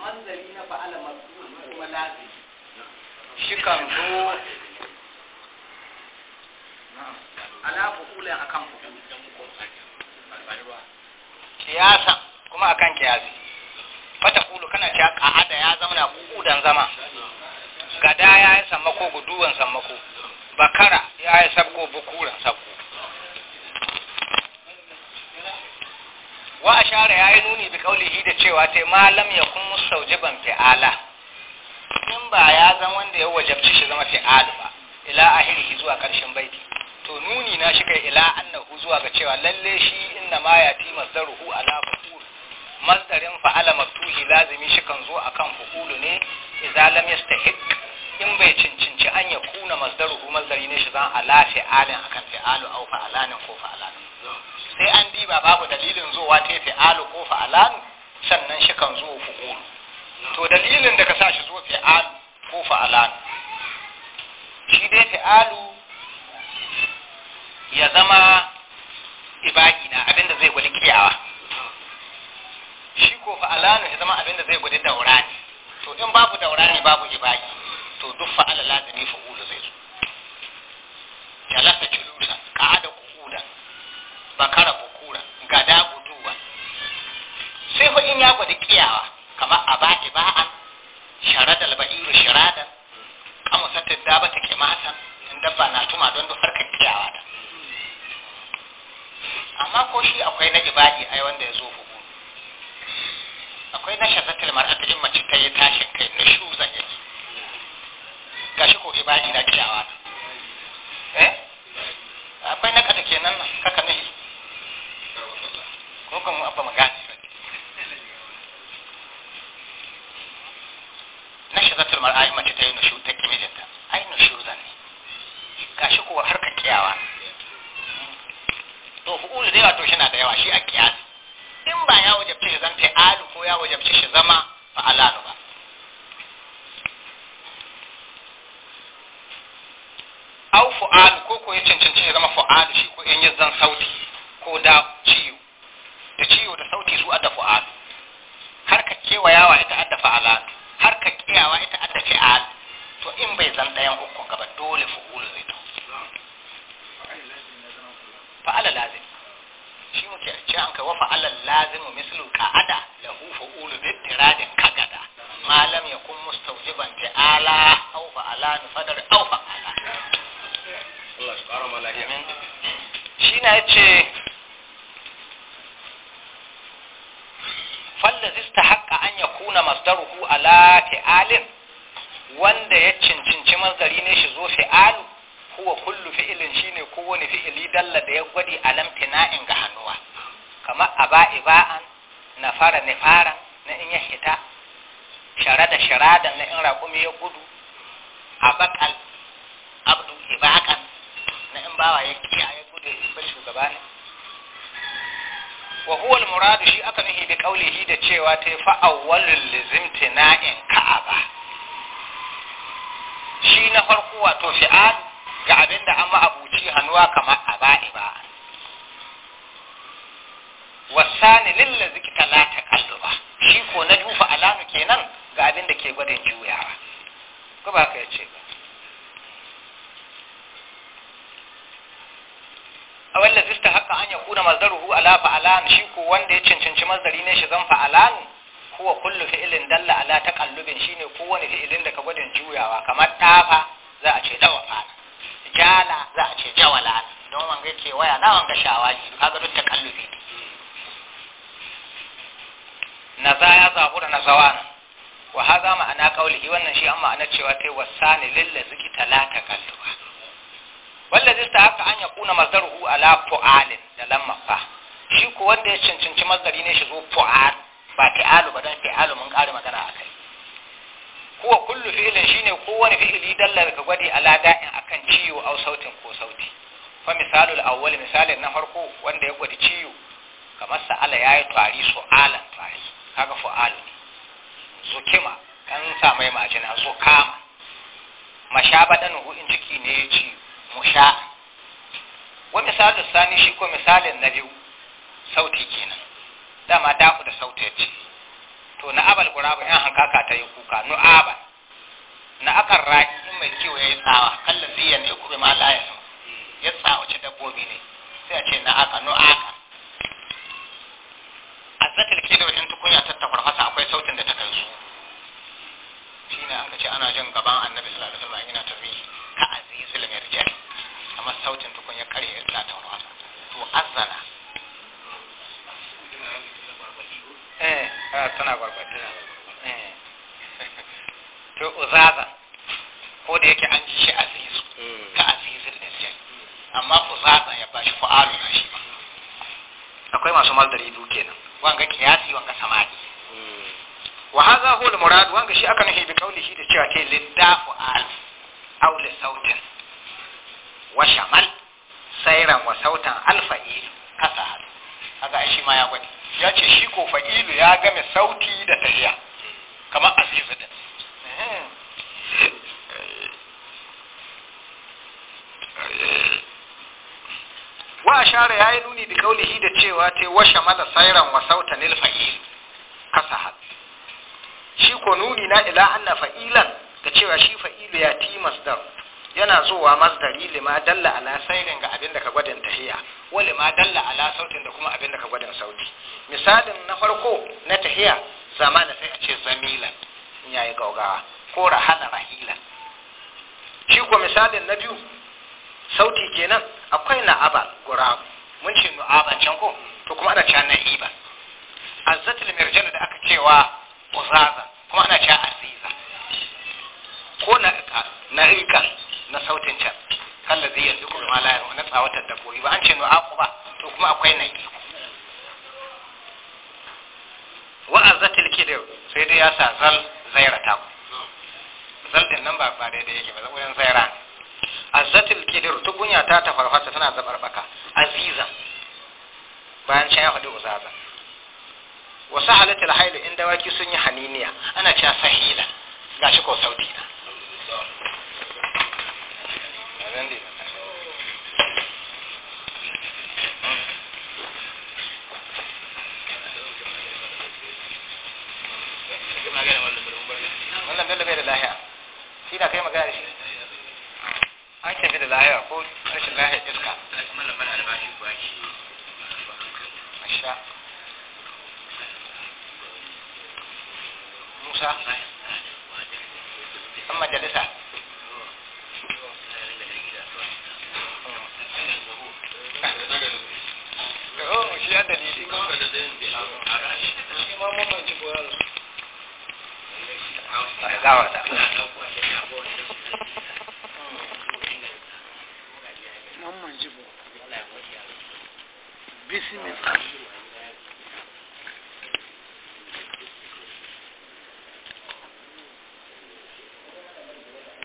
manzari na fa'ala masu kuma lafi shi kan zo ala fukulan akan fukuli Kiyasa kuma akan kiyasi fata kulu kana cewa ka'ada ya zauna na kudan zama gada ya yi sammako guduwan sammako bakara ya yi sabko bukuran sabko wa ashara yayi nuni bi qaulihi da cewa tai malam yakun ban fi'ala in ba ya zan wanda ya wajabci shi zama fi'alu ba ila ahirihi zuwa karshen baiti to nuni na shi kai ila annahu zuwa ga cewa lalle shi inna ma yati masdaruhu ala fuqul masdarin fa'ala maftuhi lazimi shi kan zo akan fuqulu ne idza lam yastahiq in bai cincinci an ya kuna masdaruhu masdari ne shi zan ala fi'alin akan fi'alu au fa'alanin ko fa'alanin ba babu dalilin zuwa ta fi'alu ko fa'alan sannan shi kan zuwa fu'ulu to dalilin da ka sa shi zuwa fi'alu ko fa'alan shi dai fi'alu ya zama ibaki na abinda zai gudu kiyawa shi ko fa'alan ya zama abinda zai daura daurani to in babu daurani babu ibaki kamata in dabba na tuma don duk harkar kiyawa ta amma ko shi akwai na ibadi ai wanda ya zo hugu akwai na shazatul mar'ata in mace ta yi tashin kai na shuzan yake gashi ko ibadi na kiyawa ta ko ya cancanci ya zama fu'adu shi ko in zan sauti ko da ciwo da ciwo da sauti su adda fu'adu har ka kewayawa ita adda fa'alatu har ka kiyawa ita adda fi'al to in bai zan ɗayan uku gaba dole fu'u na ya ce fallazi ta haƙa an ya kuna masdaruhu ala fi'alin wanda ya cincinci mazari ne shi zo fi'alu kuwa kullu fi'ilin shine kowane fi'ili dalla da ya gwadi alam na'in ga hannuwa kama a ba’i iba'an na fara ne fara na in ya hita shara da shara na in raƙumi ya gudu a bakal abdu na in bawa ya kiya wa huwa muradu shi aka nuhi bi qaulihi da cewa ta fa awwalul lizimtina'in ka'aba shi na farko wato fi'al ga abinda an ma'abuci hannuwa kamar aba'iba wasani lillazi kitala taqalluba shi ko na dufa alamu kenan ga abinda ke gwadin juyawa ko ba ka yace ba awallazi an yakuna mazdaruhu ala fa'alan shi ko wanda ya cancanci mazdari ne shi zan fa'alan huwa kullu fi'lin dalla ala taqallubin shine kowane fi'ilin da ka gwadin juyawa kamar tafa za a ce dawafa jala za a ce jawala don wanga ce waya na wanga shawali kaga duk taqallubi naza ya zabura na zawan wa haza ma'ana qaulihi wannan shi amma ana cewa kai wasani lillazi talata kallu wallazi haka an kuna masdaruhu ala fu'alin da lamma fa shi ko wanda ya cancanci mazari ne shi zo fu'al ba fi'alu ba don fi'alu mun kare magana akai huwa kullu fi'lin shine kowane fi'ili dalla ka gwadi ala da'in akan ciwo aw sautin ko sauti fa misalul awwal misalin na farko wanda ya gwadi ciwo kamar sa'ala yayi tari su'alan tari kaga fu'alu ne zukima an sa mai majina zukama mashabadan hu ciki ne ya ciwo musha wa misalin sani shi ko misalin na biyu sauti kenan dama daku da sauti ya ce to na abal guraba yan hankaka ta yi kuka nu abal na akan in mai kiwo ya yi tsawa kallon ziyan ya kube ma layar ya tsawace dabbobi ne sai a ce na aka nu aka A azzatul kilo wajen tukunya ta tafarfasa akwai sautin da ta kai su Shi ne aka ce ana jin gaban annabi sallallahu alaihi tana gwargwatuna eh. to uzaza ko da yake an ji shi azizu ka hmm. azizin da jai amma uzaza ya bashi fa'alu na shi akwai masu maldari duke nan wanga kiyasi wanga samadi hmm. wa hadha huwa al-murad wanga shi aka nahi bi shi da cewa ta lidda fa'al aw li sautin wa shamal sairan wa sautan al-fa'il kasa haka shi ma ya gwada ya ce shi ko fa'ilu ya game cewa ta washe mala sairan wa fa’il kasa kasahat shi ko nuni na ila anna fa'ilan da cewa shi fa'ilu ya ti masdar yana zuwa masdari lima dalla ala sairin ga abin da ka gwadin tahiya wa lima dalla ala sautin da kuma abin da ka gwadin sauti misalin na farko na tahiya zamana sai a ce zamilan in yayi gaugawa ko rahala rahilan shi ko misalin na biyu sauti kenan akwai na'aba gurabu mun ce mu'aban can ko to kuma ana cewa na'iba azzatul mirjal da aka cewa uzaza kuma ana cewa aziza ko na na'ika na sautin can kallazi yanzu kuma la yarwa na tsawatar da koyi ba an ce nu'aqu ba to kuma akwai na'iku wa azzatul kidr sai dai ya sa zal zairata zal din nan ba ba daidai yake ba zan zaira ne azzatul kidir tukunya ta tafarfasa tana zabarbaka aziza bayan can ya faɗi uzaza wasu halittar hailu in dawaki sun yi haniniya ana cewa sahila ga shi ko sauti na wannan bello bai da lahiya shi da kai magana da shi aikin da lahiya ko rashin lahiya iska musa an majalisa